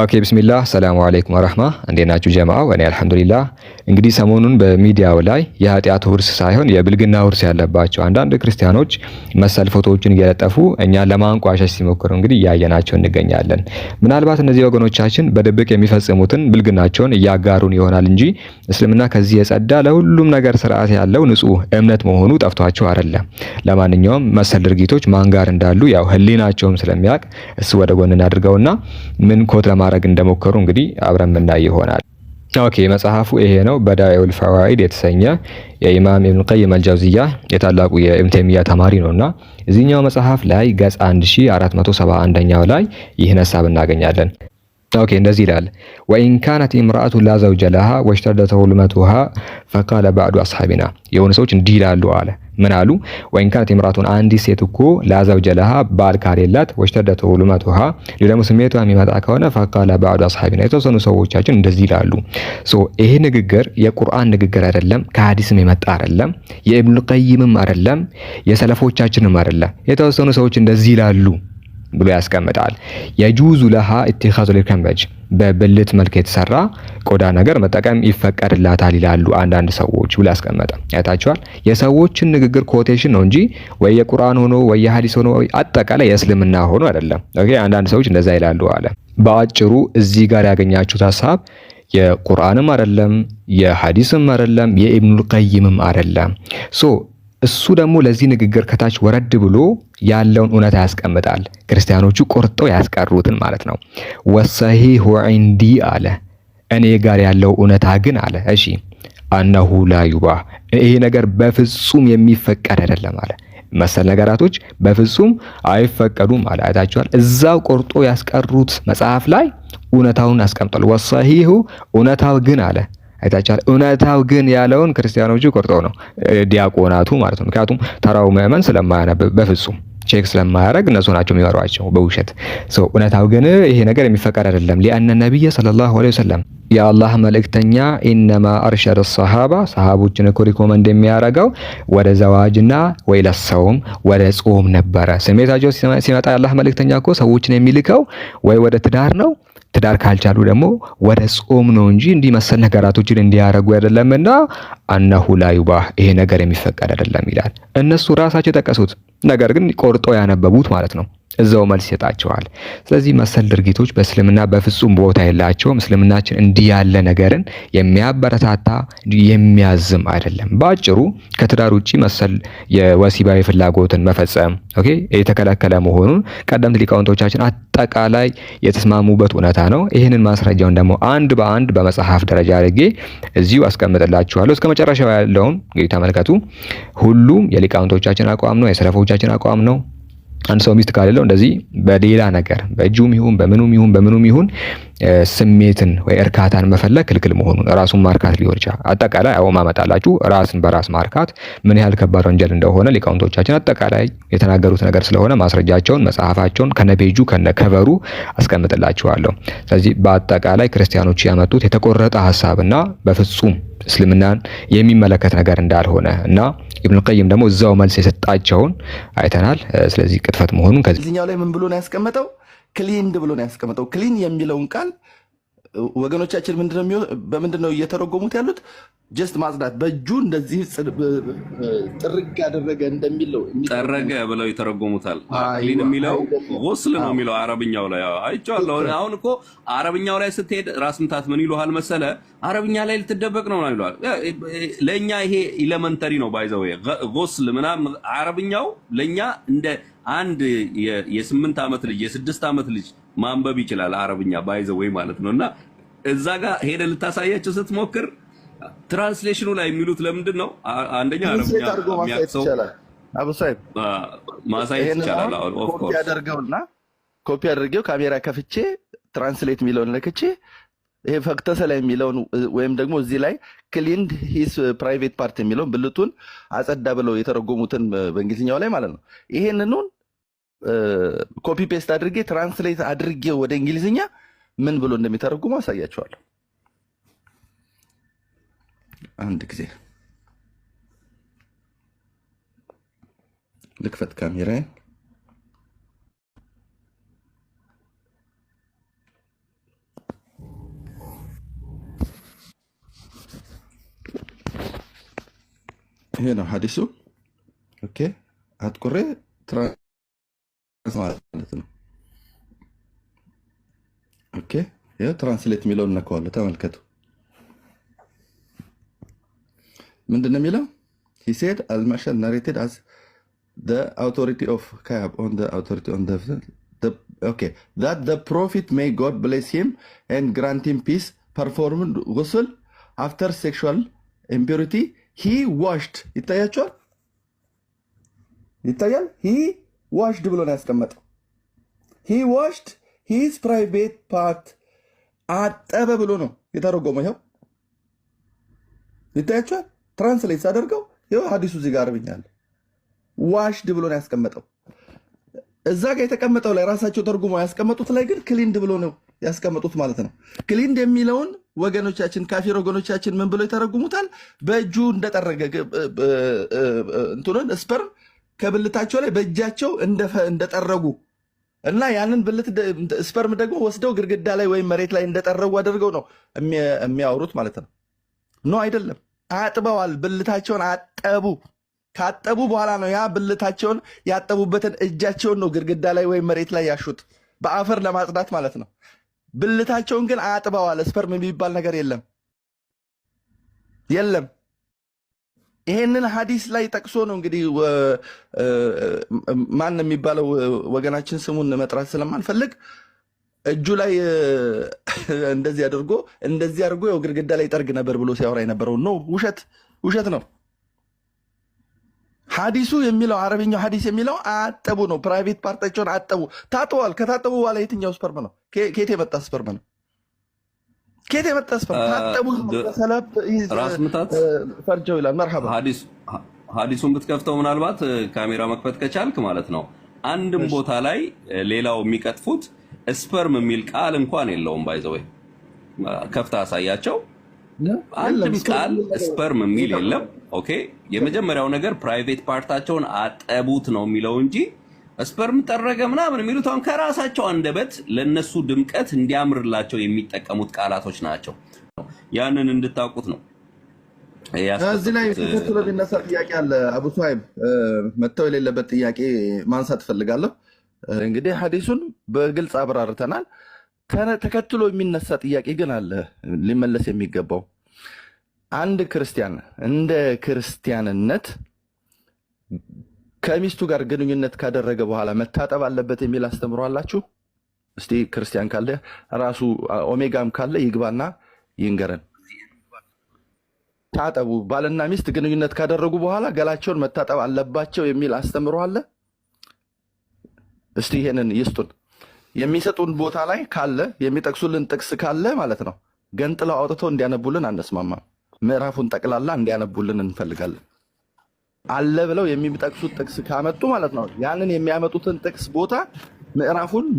ኦኬ ቢስሚላህ ሰላሙ አለይኩም ወረህማ፣ እንዴት ናችሁ ጀማዓ? እኔ አልሐምዱሊላህ። እንግዲህ ሰሞኑን በሚዲያው ላይ የኃጢአት ውርስ ሳይሆን የብልግና ውርስ ያለባቸው አንዳንድ ክርስቲያኖች መሰል ፎቶዎችን እየለጠፉ እኛን ለማንቋሸሽ ሲሞክሩ እንግዲህ እያየናቸው እንገኛለን። ምናልባት እነዚህ ወገኖቻችን በድብቅ የሚፈጽሙትን ብልግናቸውን እያጋሩን ይሆናል እንጂ እስልምና ከዚህ የጸዳ ለሁሉም ነገር ስርዓት ያለው ንጹህ እምነት መሆኑ ጠፍቷቸው አይደለም። ለማንኛውም መሰል ድርጊቶች ማን ጋር እንዳሉ ያው ህሊናቸውም ስለሚያውቅ እሱ ወደ ጎን እናድርገውና ምን ኮት ለማድረግ እንደሞከሩ እንግዲህ አብረን ምናይ ይሆናል። ኦኬ መጽሐፉ ይሄ ነው። በዳኢኡል ፈዋኢድ የተሰኘ የኢማም ኢብኑል ቀይም አልጃውዚያ የታላቁ የኢብን ተይሚያ ተማሪ ነውና እዚህኛው መጽሐፍ ላይ ገጽ 1471ኛው ላይ ይህን ሀሳብ እናገኛለን። ኦኬ እንደዚህ ይላል። ወኢን ካነት ኢምራአቱ ላ ዘውጀ ለሃ ወሽተደተ ሁልመቱሃ ፈቃለ ባዕዱ አስሓቢና የሆኑ ሰዎች እንዲህ ይላሉ አለ ምን አሉ? ወይን ካነት ምራቱን አንዲት ሴት እኮ ጀለሃ ባል ካሌላት ወሽተደተ ውሃ ሌላ ስሜቷ የሚመጣ ከሆነ ፈቃላ ባዕዱ አስሓቢና የተወሰኑ ሰዎቻችን እንደዚህ ይላሉ። ይሄ ንግግር የቁርአን ንግግር አይደለም፣ ከሀዲስም የመጣ አይደለም፣ የኢብኑ ቀይምም አይደለም፣ የሰለፎቻችንም አይደለም። የተወሰኑ ሰዎች እንደዚህ ይላሉ ብሎ ያስቀምጣል። የጁዙ ለሃ ኢትኻዙ ልከንበጅ በብልት መልክ የተሰራ ቆዳ ነገር መጠቀም ይፈቀድላታል ይላሉ አንዳንድ ሰዎች ብሎ ያስቀመጠ ያታቸዋል። የሰዎችን ንግግር ኮቴሽን ነው እንጂ ወይ የቁርአን ሆኖ ወይ የሐዲስ ሆኖ አጠቃላይ የእስልምና ሆኖ አይደለም። ኦኬ አንዳንድ ሰዎች እንደዛ ይላሉ አለ። በአጭሩ እዚህ ጋር ያገኛችሁት ሀሳብ የቁርአንም አይደለም የሐዲስም አይደለም የኢብኑል ቀይምም አይደለም። ሶ እሱ ደግሞ ለዚህ ንግግር ከታች ወረድ ብሎ ያለውን እውነት ያስቀምጣል። ክርስቲያኖቹ ቆርጠው ያስቀሩትን ማለት ነው። ወሰሂሁ ዒንዲ አለ እኔ ጋር ያለው እውነታ ግን አለ እሺ አነሁ ላዩባ ይሄ ነገር በፍጹም የሚፈቀድ አይደለም አለ። መሰል ነገራቶች በፍጹም አይፈቀዱም አለ። አይታችኋል። እዛው ቆርጦ ያስቀሩት መጽሐፍ ላይ እውነታውን አስቀምጧል። ወሰሂሁ እውነታው ግን አለ አይታችኋል። እውነታው ግን ያለውን ክርስቲያኖቹ ቆርጠው ነው ዲያቆናቱ ማለት ነው። ምክንያቱም ተራው ምዕመን ስለማያነብብ በፍጹም ቼክ ስለማያደርግ እነሱ ናቸው የሚመሯቸው በውሸት ሰው። እውነታው ግን ይሄ ነገር የሚፈቀድ አይደለም። ሊአነ ነቢይ ሰለላሁ ዐለይሂ ወሰለም የአላህ መልእክተኛ ኢነማ አርሸደ ሰሃባ ሰሃቦችን እኮ ሪኮመንድ የሚያደርገው ወደ ዘዋጅና ወይ ለሰውም ወደ ጾም ነበረ። ስሜታቸው ሲመጣ የአላህ መልእክተኛ እኮ ሰዎችን የሚልከው ወይ ወደ ትዳር ነው ትዳር ካልቻሉ ደግሞ ወደ ጾም ነው እንጂ እንዲህ መሰል ነገራቶችን እንዲያደርጉ አይደለምና አነሁ ላ ዩባህ ይሄ ነገር የሚፈቀድ አይደለም ይላል። እነሱ ራሳቸው የጠቀሱት ነገር ግን ቆርጦ ያነበቡት ማለት ነው። እዛው መልስ ይሰጣቸዋል። ስለዚህ መሰል ድርጊቶች በእስልምና በፍጹም ቦታ የላቸውም። እስልምናችን እንዲህ ያለ ነገርን የሚያበረታታ የሚያዝም አይደለም። በአጭሩ ከትዳር ውጭ መሰል የወሲባዊ ፍላጎትን መፈጸም ኦኬ የተከለከለ መሆኑን ቀደምት ሊቃውንቶቻችን አጠቃላይ የተስማሙበት እውነታ ነው። ይህንን ማስረጃውን ደግሞ አንድ በአንድ በመጽሐፍ ደረጃ አድርጌ እዚሁ አስቀምጥላችኋለሁ። እስከ መጨረሻው ያለውን እንግዲህ ተመልከቱ። ሁሉም የሊቃውንቶቻችን አቋም ነው፣ የሰለፎቻችን አቋም ነው። አንድ ሰው ሚስት ካለለው እንደዚህ በሌላ ነገር በእጁም ይሁን በምኑም ይሁን በምኑም ይሁን ስሜትን ወይ እርካታን መፈለግ ክልክል መሆኑን ራሱን ማርካት ሊሆን ይችላል። አጠቃላይ አሁን ማመጣላችሁ ራስን በራስ ማርካት ምን ያህል ከባድ ወንጀል እንደሆነ ሊቃውንቶቻችን አጠቃላይ የተናገሩት ነገር ስለሆነ ማስረጃቸውን መጽሐፋቸውን ከነፔጁ ከነከበሩ አስቀምጥላችኋለሁ። ስለዚህ በአጠቃላይ ክርስቲያኖች ያመጡት የተቆረጠ ሀሳብና በፍጹም እስልምናን የሚመለከት ነገር እንዳልሆነ እና ኢብኑ ቀይም ደግሞ እዛው መልስ የሰጣቸውን አይተናል። ስለዚህ ቅጥፈት መሆኑን ከዚህኛው ላይ ምን ብሎ ነው ያስቀመጠው? ክሊንድ ብሎ ነው ያስቀመጠው። ክሊን የሚለውን ቃል ወገኖቻችን በምንድን ነው እየተረጎሙት ያሉት? ጀስት ማጽዳት በእጁ እንደዚህ ጥርግ ያደረገ እንደሚለው ጠረገ ብለው ይተረጎሙታል። ሊን የሚለው ወስል ነው የሚለው አረብኛው ላይ አይቼዋለሁ። አሁን እኮ አረብኛው ላይ ስትሄድ ራስ ምታት ምን ይሉሃል መሰለ፣ አረብኛ ላይ ልትደበቅ ነው ይሏል። ለእኛ ይሄ ኢለመንተሪ ነው ባይዘው ጎስል ምናምን አረብኛው ለእኛ እንደ አንድ የስምንት ዓመት ልጅ የስድስት ዓመት ልጅ ማንበብ ይችላል አረብኛ ባይዘ ወይ ማለት ነው። እና እዛ ጋር ሄደ ልታሳያቸው ስትሞክር ትራንስሌሽኑ ላይ የሚሉት ለምንድን ነው? አንደኛ አረብኛ የሚያቅሰው ማሳየት ይቻላል። ኮርስ ያደርገውና ኮፒ አድርጌው ካሜራ ከፍቼ ትራንስሌት የሚለውን ለክቼ ይሄ ፈቅተሰላ የሚለውን ወይም ደግሞ እዚህ ላይ ክሊንድ ሂስ ፕራይቬት ፓርት የሚለውን ብልቱን አጸዳ ብለው የተረጎሙትን በእንግሊዝኛው ላይ ማለት ነው ይሄንኑን ኮፒ ፔስት አድርጌ ትራንስሌት አድርጌ ወደ እንግሊዝኛ ምን ብሎ እንደሚተረጉሙ አሳያቸዋለሁ። አንድ ጊዜ ልክፈት ካሜራ። ይሄ ነው ሀዲሱ። ኦኬ ማለት ነው። ኦኬ ትራንስሌት የሚለውን እነካዋለሁ። ተመልከቱ ምንድን ነው የሚለው? ሂ ሴድ አልማሻል ናሬትድ አስ አውቶሪቲ ኦፍ ካያብ ኦን አውቶሪቲ ኦን ት ፕሮፊት ሜይ ጎድ ብሌስ ሂም ኤንድ ግራንት ሂም ፒስ ፐርፎርምድ ጉስል አፍተር ሴክሹዋል ኢምፒሪቲ ሂ ዋሽድ ይታያቸዋል፣ ይታያል ዋሽድ ብሎ ነው ያስቀመጠው። ሂ ዋሽድ ሂዝ ፕራይቬት ፓርት አጠበ ብሎ ነው የተረጎመው። ይኸው ይታያቸዋል። ትራንስሌት ሳደርገው ይኸው ሀዲሱ እዚህ ጋር አርብኛል። ዋሽድ ብሎ ነው ያስቀመጠው። እዛ ጋር የተቀመጠው ላይ ራሳቸው ተርጉሞ ያስቀመጡት ላይ ግን ክሊንድ ብሎ ነው ያስቀመጡት ማለት ነው። ክሊንድ የሚለውን ወገኖቻችን ካፊር ወገኖቻችን ምን ብሎ ይተረጉሙታል? በእጁ እንደጠረገ እንትኑን ስፐርም ከብልታቸው ላይ በእጃቸው እንደጠረጉ እና ያንን ብልት ስፐርም ደግሞ ወስደው ግድግዳ ላይ ወይም መሬት ላይ እንደጠረጉ አድርገው ነው የሚያወሩት ማለት ነው። ኖ አይደለም፣ አጥበዋል። ብልታቸውን አጠቡ። ካጠቡ በኋላ ነው ያ ብልታቸውን ያጠቡበትን እጃቸውን ነው ግድግዳ ላይ ወይም መሬት ላይ ያሹት በአፈር ለማጽዳት ማለት ነው። ብልታቸውን ግን አጥበዋል። ስፐርም የሚባል ነገር የለም የለም። ይሄንን ሀዲስ ላይ ጠቅሶ ነው እንግዲህ ማን የሚባለው ወገናችን ስሙን መጥራት ስለማንፈልግ እጁ ላይ እንደዚህ አድርጎ እንደዚህ አድርጎ ያው ግድግዳ ላይ ጠርግ ነበር ብሎ ሲያወራ የነበረው ነው። ውሸት ውሸት ነው። ሀዲሱ የሚለው አረብኛው ሀዲስ የሚለው አጠቡ ነው። ፕራይቬት ፓርታቸውን አጠቡ። ታጥበዋል። ከታጠቡ በኋላ የትኛው ስፐርም ነው? ከየት የመጣ ስፐርም ነው? ከየት የመጣ አስፈር ምታት ፈርጀው ይላል። መርሐባ ሐዲስ ብትከፍተው ምናልባት ካሜራ መክፈት ከቻልክ ማለት ነው። አንድም ቦታ ላይ ሌላው የሚቀጥፉት ስፐርም የሚል ቃል እንኳን የለውም። ባይዘው ከፍታ አሳያቸው። አንድም ቃል ስፐርም የሚል የለም። ኦኬ የመጀመሪያው ነገር ፕራይቬት ፓርታቸውን አጠቡት ነው የሚለው እንጂ ስፐርም ጠረገ ምናምን የሚሉት አሁን ከራሳቸው አንደበት ለነሱ ድምቀት እንዲያምርላቸው የሚጠቀሙት ቃላቶች ናቸው። ያንን እንድታውቁት ነው። እዚህ ላይ ትክክል የሚነሳ ጥያቄ አለ። አቡ ሱሃይብ መተው የሌለበት ጥያቄ ማንሳት እፈልጋለሁ። እንግዲህ ሀዲሱን በግልጽ አብራርተናል። ተከትሎ የሚነሳ ጥያቄ ግን አለ ሊመለስ የሚገባው አንድ ክርስቲያን እንደ ክርስቲያንነት ከሚስቱ ጋር ግንኙነት ካደረገ በኋላ መታጠብ አለበት የሚል አስተምሮ አላችሁ? እስቲ ክርስቲያን ካለ ራሱ ኦሜጋም ካለ ይግባና ይንገረን። ታጠቡ፣ ባልና ሚስት ግንኙነት ካደረጉ በኋላ ገላቸውን መታጠብ አለባቸው የሚል አስተምሮ አለ? እስቲ ይሄንን ይስጡን። የሚሰጡን ቦታ ላይ ካለ የሚጠቅሱልን ጥቅስ ካለ ማለት ነው ገንጥለው አውጥተው እንዲያነቡልን አንስማማም። ምዕራፉን ጠቅላላ እንዲያነቡልን እንፈልጋለን። አለ ብለው የሚጠቅሱት ጥቅስ ካመጡ ማለት ነው ያንን የሚያመጡትን ጥቅስ ቦታ ምዕራፉን